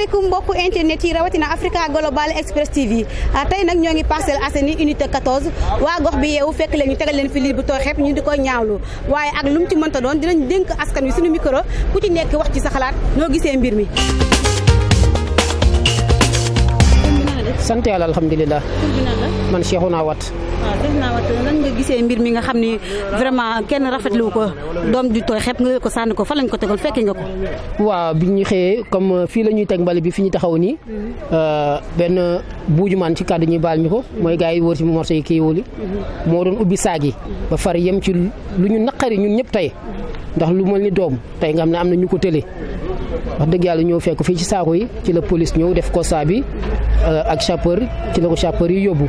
asalaamaaleykum mbokku internet yi rawatina Africa Global Express TV ah, tey nag ñoo ngi Parcelles Assainies unité 14 waa gox bi yeewu fekk leen ñu tegal leen fi lii bu tooy xepp ñu di ko ñaawlu waaye ak lu mu ci mënta doon dinañ dénk askan wi suñu micro ku ci nekk wax ci sa xalaat noo gisee mbir mi. sant yàlla alhamdulilah. man Cheikhouna ah, naa Wat nga gisee mbir mi nga xam ni vraiment kenn rafetlu ko doom ju tooy xepp nga ko sànni ko fa lañ ko tegal fekke ko. waaw bi ñu xëyee comme euh, fii la ñuy teg mbali bi fi ñu taxaw nii. Mhm. Euh, benn buujumaan ci kàddu ñuy baal ñu ko. mooy gars yi wër si morso yi kii wóoli mhm. moo doon ubbi saag yi. ba far yem ci lu ñu naqari ñun ñëpp tey. ndax lu mel ni doom tey nga xam ne am na ñu ko tële. wax dëgg yàlla ñëw fekk fii ci saako yi ci la police ñëw def constat bi euh, sapeur ci la ko sapeur yi yóbbu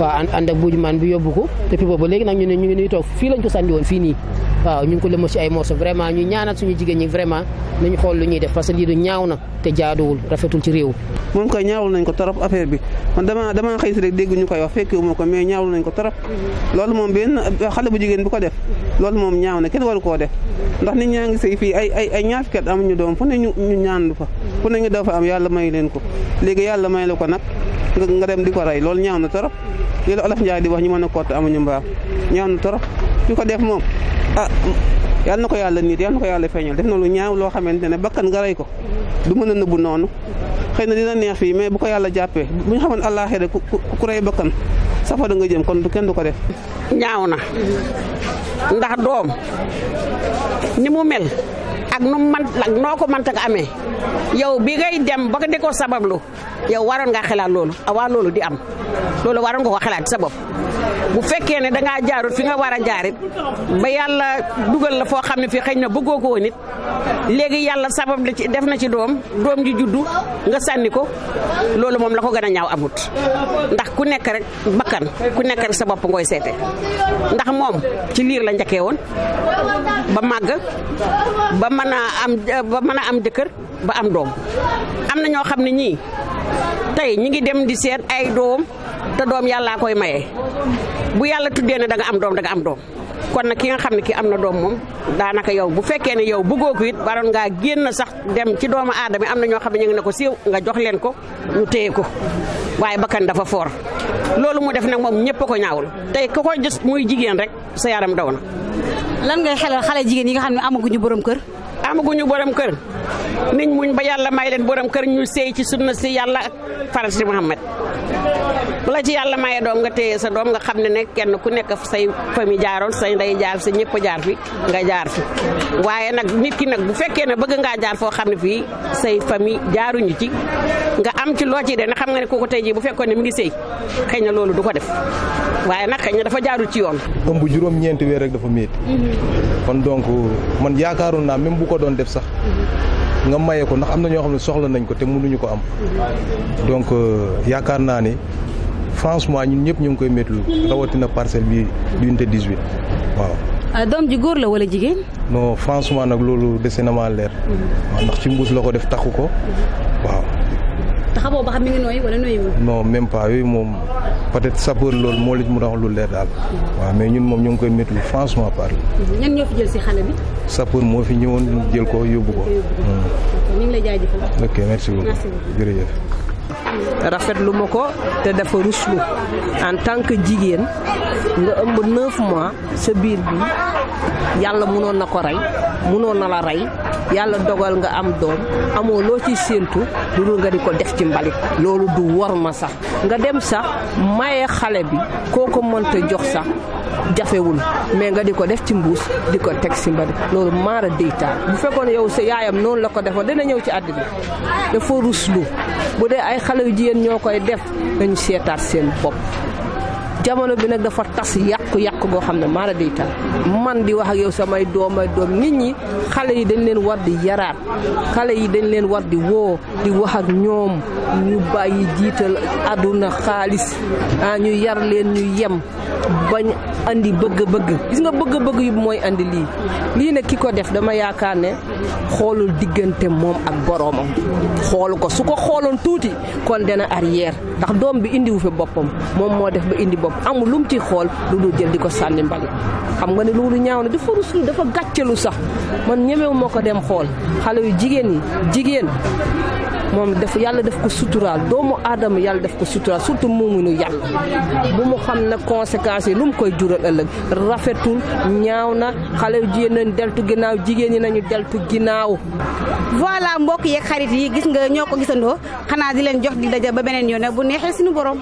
waaw ànd a buuj maan bi yóbbu ko depuis boobu léegi nag ñu ne toog fii lañ ko sànni fii nii waaw ñu ko lëma ci ñu ñu koy wax fekkee wu mais ñaawlu nañ ko torop loolu moom benn xale bu jigéen bu ko def loolu moom ñaaw na kenn waru koo def ndax nit ñaa ngi fii ay ay ay ñaar fukki doom fu ne ñu ñaan fa fu ne ñu daw am yàlla may leen ko léegi yàlla may la ko nag nga dem di ko rey loolu ñaaw na torop li la olof Njaay di wax ñu mën a kott amuñu mbaam ñaaw na torop su ko def moom ah yal na ko yàlla nit yal na ko yàlla feeñal def na lu ñaaw loo xamante ne bakkan nga rey ko du mën a nëbbu noonu xëy na dina neex fii mais bu ko yàlla jàppee bu ñu xamoon àllaaxira ku ku rey bakkan safara nga jëm kon du kenn du ko def. ñaaw na ndax doom ni mu mel. ak nu man ak noko man tak amé yow bi ngay dem ba di ko sabablu yow waron nga xalaat lolu awa lolu di am lolu waron nga ko xalaat sa bop bu fekke ne nga jaaru fi nga wara a jaarit ba yalla duggal la fo xam fi fii bu na nit ko yalla sabab la ci def na ci dom dom ji juddu nga sànni ko loolu moom la ko gëna ñaaw amut ndax ku nekk rek bakkan ku nekk rek sa bop ngoy sété ndax mom ci lire la ba mag ba mën a am ba mën a am jëkkër ba am doom am na ñoo xam ne ñii tey ñi ngi dem di seet ay doom te doom yàllaa koy maye bu yàlla tuddee ne danga am doom da am doom kon nag ki nga xam ne ki am na doom moom daanaka yow bu fekkee ne yow bëggoo ko it waroon ngaa génn sax dem ci doomu aadama am na ñoo xam ne ñu ngi ne ko siiw nga jox leen ko ñu téye ko waaye bakkan dafa foor loolu mu def nag moom ñëpp ko ñaawul tey ko koy gis muy jigéen rek sa yaram daw na. lan ngay xelal yi nga xam ne amaguñu borom kër. amaguñu borom kër niñ muñ ba yàlla may leen borom kër ñu sëy ci sunna si yàlla ak farasi Muhammad bu la ci yàlla maye doom nga téye sa doom nga xam ne ne kenn ku nekk say famille jaaroon say ndey jaar sa ñëpp jaar fi nga jaar fi waaye nag nit ki nag bu fekkee ne bëgg ngaa jaar foo xam ne fii say famille jaaruñu ci nga am ci loo ciy de ne xam nga ne kooku tey jii bu fekkoon ne mi ngi sëy xëy na loolu du ko def waaye nag xëy na dafa jaarul ci yoon. ëmb juróom-ñeenti weer rek dafa métti. kon donc man yaakaaroon naa même bu ko doon def sax. nga maye ko ndax am na ñoo xam ne soxla nañ ko te mënuñu ko am. donc euh, yaakaar naa ni. franchement ñun ñëpp ñu ngi koy métlu rawatina parcelle bi d'unité 18 waaw. Ah, doom ji góor la wala jigéen. non franchement nag loolu dese na maa leer. Mhm. waaw ndax ci mbuus la ko def taxu ko mhm. waaw. taxawoo ba xam mi ngi nooy wala nooyul. non même pas yooyu moom peut-être sapeur loolu moo leen mën a lu leer daal. Mhm. waaw mais ñun moom ñu ngi koy métlu franchement parler. ñan ñoo moo fi ñëwoon jël ko yóbbu ko. ñu merci beaucoup jërëjëf. rafetlu ma ko te dafa ruslu en tant que jigéen nga ëmb neuf mois sa biir bi yàlla mënoon na ko rey mënoon na la rey yàlla dogal nga am doom amoo loo ciy séentu lu dul nga di ko def ci mbalit loolu du war ma sax nga dem sax maye xale bi koo ko mënta jox sax jafewul mais nga di ko def ci mbuus di ko teg si mbalit loolu maara deytaal bu fekkoon yow sa yaayam noonu la ko defoon dina ñëw ci àddina dafa ruslu bu dee ay xale yu jigéen ñoo koy def dañu seetaat seen bopp jamono bi nag dafa tas yàqu-yàqu goo xam ne maa la day tal man di wax ak yow samay doom ay doom nit ñi xale yi dañ leen war di yaraat xale yi dañ leen war di woo di wax ak ñoom ñu bàyyi jiital àdduna xaalis ah ñu yar leen ñu yem bañ andi bëgg-bëgg gis nga bëgg-bëgg yu mooy andi lii lii nag ki ko def dama yaakaar ne xoolul diggante moom ak boroomam xoolu ko su ko xooloon tuuti kon dana arrière ndax doom bi indiwu fi boppam moom moo def bi indi bopp amul lu mu ciy xool lu dul jël di ko sànni mbal xam nga ne loolu ñaaw ne dafa ruslu dafa gàccelu sax man ñemewu ma ko dem xool xale yu jigéen jigéen moom def yàlla def ko suturaal doomu aadama yàlla def ko suturaal surtout muuminu yàlla bu mu xam ne conséquence yi lu mu koy jural ëllëg rafetul ñaaw na xale jigéen nañu deltu ginnaaw jigéen ñi nañu deltu ginnaaw. voilà mbokk yeeg xarit yi gis nga ñoo ko gisandoo xanaa di leen jox di daja ba beneen yoone bu neexee suñu borom.